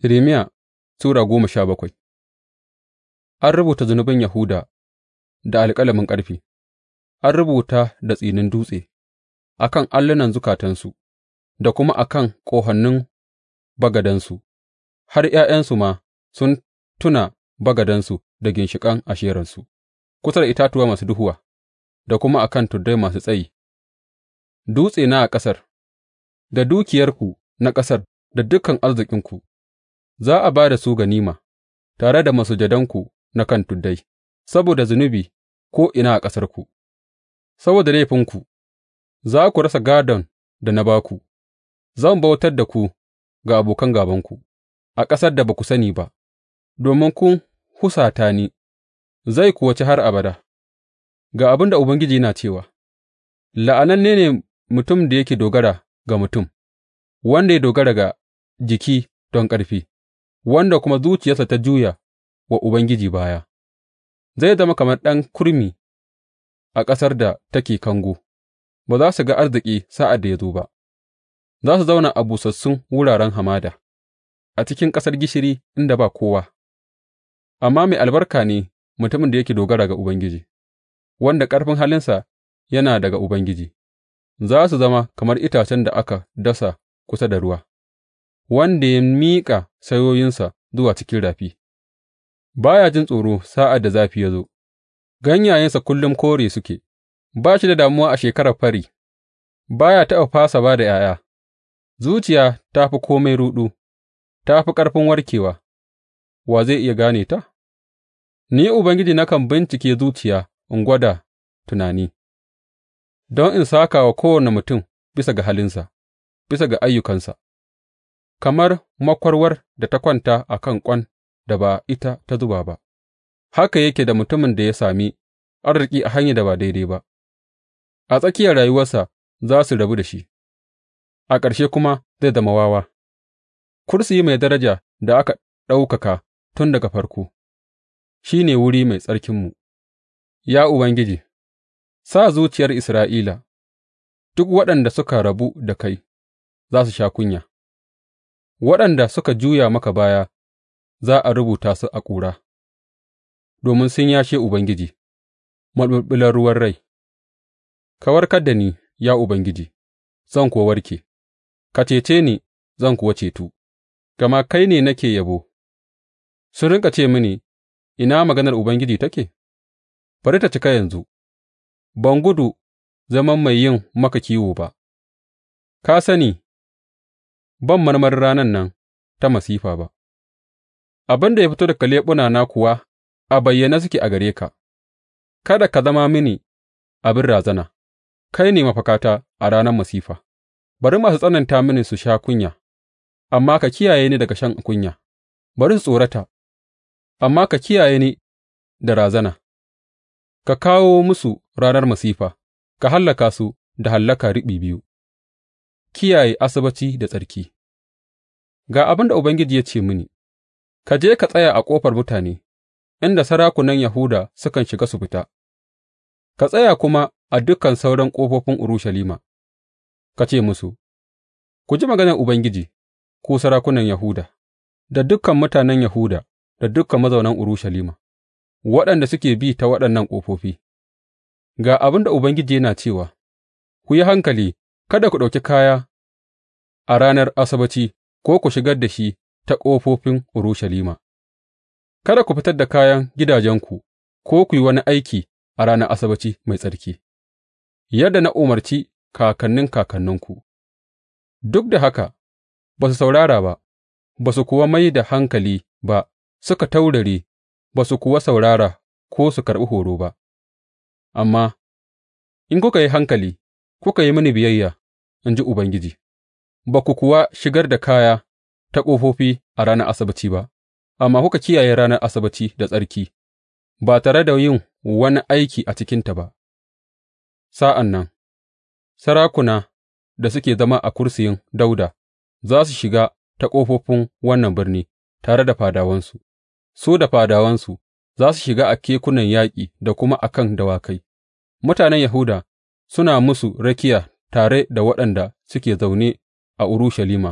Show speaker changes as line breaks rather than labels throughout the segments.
Irmiya Sura goma sha bakwai An rubuta zunubin Yahuda da alƙalamin ƙarfi. an rubuta da tsinin dutse a kan allunan zukatansu da kuma a kan ƙahonin bagadansu, har ’ya'yansu ma sun tuna bagadansu da ginshiƙan Asheransu, kusa da itatuwa masu duhuwa da kuma a kan tuddai masu tsayi, dutsena a ƙasar, da dukiyarku na ƙasar da dukan arzikinku. za a ba da su ganima tare da masujadanku na kan tuddai, saboda zunubi ko'ina a ƙasarku, saboda laifinku, za ku rasa gadon da na ba ku, zan bautar da ku ga abokan gabanku. a ƙasar da ba ku sani ba, domin kun husata ni, zai kuwa ci har abada. Ga abin da Ubangiji yana cewa, La'ananne ne mutum da yake dogara ga mutum, wanda ya dogara ga jiki don ƙarfi. wanda kuma zuciyarsa ta juya wa Ubangiji baya, zai zama kamar ɗan kurmi a ƙasar da take kango, ba za su ga arziki sa'ad da ya zo ba, za su zauna a busassun wuraren hamada, a cikin ƙasar gishiri inda ba kowa, amma mai albarka ne mutumin da yake dogara ga Ubangiji, wanda ƙarfin halinsa yana daga Ubangiji, za su zama kamar itacen da aka dasa kusa da ruwa. wanda ya miƙa sayoyinsa zuwa cikin rafi, ba ya jin tsoro sa'ad da zafi ya zo, ganyayensa kullum kore suke, ba shi da damuwa a shekarar fari, ba ya taɓa fasa ba da ’ya'ya, zuciya ta fi komai ruɗu, ta fi ƙarfin warkewa, wa zai iya gane ta? Ni Ubangiji nakan bincike zuciya in gwada tunani, don in sāka wa kowane mutum bisa ga halinsa, bisa ga ayyukansa. Kamar makwarwar da ta kwanta a kan ƙwan da ba ita ta zuba ba, haka yake da mutumin da ya sami arziki a hanyar da ba daidai ba; a tsakiyar rayuwarsa za su rabu da shi, a ƙarshe kuma zai zama wawa, kursiyi mai daraja da aka ɗaukaka tun daga farko, shi ne wuri mai tsarkinmu, Ya Ubangiji, sa zuciyar Isra'ila, duk waɗanda suka rabu da kai za su sha kunya. Waɗanda suka juya maka baya za a rubuta su a ƙura, domin sun yashe Ubangiji, maɓulɓular ruwan rai; ka warkar da ni, ya Ubangiji, zan kuwa warke, ka cece ni, zan kuwa cetu, gama kai ne nake yabo. Sun riƙa ce mini, Ina maganar Ubangiji take? Bari ta cika yanzu, ban gudu zaman mai yin maka kiwo ba, ka sani. ban marmarin ranan nan ta masifa ba, abin da ya fito daga leɓunana kuwa a bayyane suke a gare ka; kada ka zama mini abin razana, kai ne mafakata a ranar masifa, bari masu tsananta mini su sha kunya, amma ka kiyaye ni daga shan kunya, bari su tsorata, amma ka kiyaye ni da razana, ka kawo musu ranar masifa, ka hallaka su da hallaka riɓi biyu. Kiyaye Asabbaci da tsarki Ga abin da Ubangiji ya ce mini, Ka je ka tsaya a ƙofar mutane, inda sarakunan Yahuda sukan shiga su fita, ka tsaya kuma a dukan sauran ƙofofin Urushalima, ka ce musu, Ku ji maganar Ubangiji, ku sarakunan Yahuda, da dukan mutanen Yahuda, da dukan mazaunan Urushalima, waɗanda suke bi ta waɗannan ƙofofi, ga abin da Ubangiji yana cewa, Ku yi hankali Kada ku ɗauki kaya a ranar Asabbaci ko ku shigar da shi ta ƙofofin Urushalima; kada ku fitar da kayan gidajenku ko ku yi wani aiki a ranar Asabbaci mai tsarki, yadda na umarci kakannin kakanninku, duk da haka ba su saurara ba, ba su kuwa mai da hankali ba, suka taurare, ba su kuwa saurara ko su karɓi horo ba, amma in kuka yi hankali kuka yi mini biyayya. in ji Ubangiji, ba ku kuwa shigar da kaya ta ƙofofi a ranar Asabbaci ba, amma kuka kiyaye ranar Asabbaci da tsarki, ba tare da yin wani aiki a cikinta ba. Sa'an nan, sarakuna da suke zama a kursiyin Dauda za su shiga ta ƙofofin wannan birni tare da fadawansu, su da fadawansu za su shiga a kekunan yaƙi da kuma a kan dawakai, mutanen Yahuda suna musu rakiya tare da waɗanda suke zaune a Urushalima,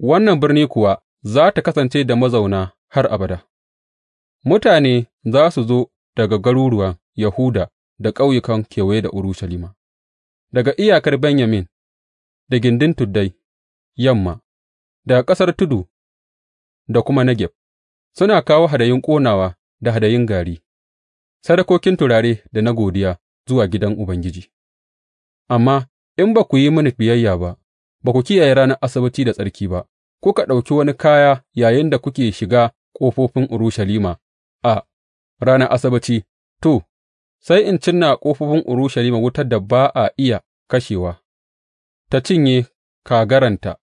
wannan birni kuwa za tă kasance da mazauna har abada. Mutane za su zo daga garuruwan Yahuda da ƙauyukan kewaye da Urushalima, daga iyakar Benyamin, da gindin tuddai, yamma, daga ƙasar tudu da kuma Negeb, suna kawo hadayin ƙonawa da hadayin gari, sadakokin turare da na godiya zuwa gidan Ubangiji, amma In ba ku yi mini biyayya ba, ba ku kiyaye ranar Asabbaci da tsarki ba, kuka ɗauki wani kaya yayinda kuke shiga ƙofofin Urushalima a ranar Asabbaci, to, sai in cinna ƙofofin Urushalima wutar da ba a iya kashewa, ta cinye kagaranta.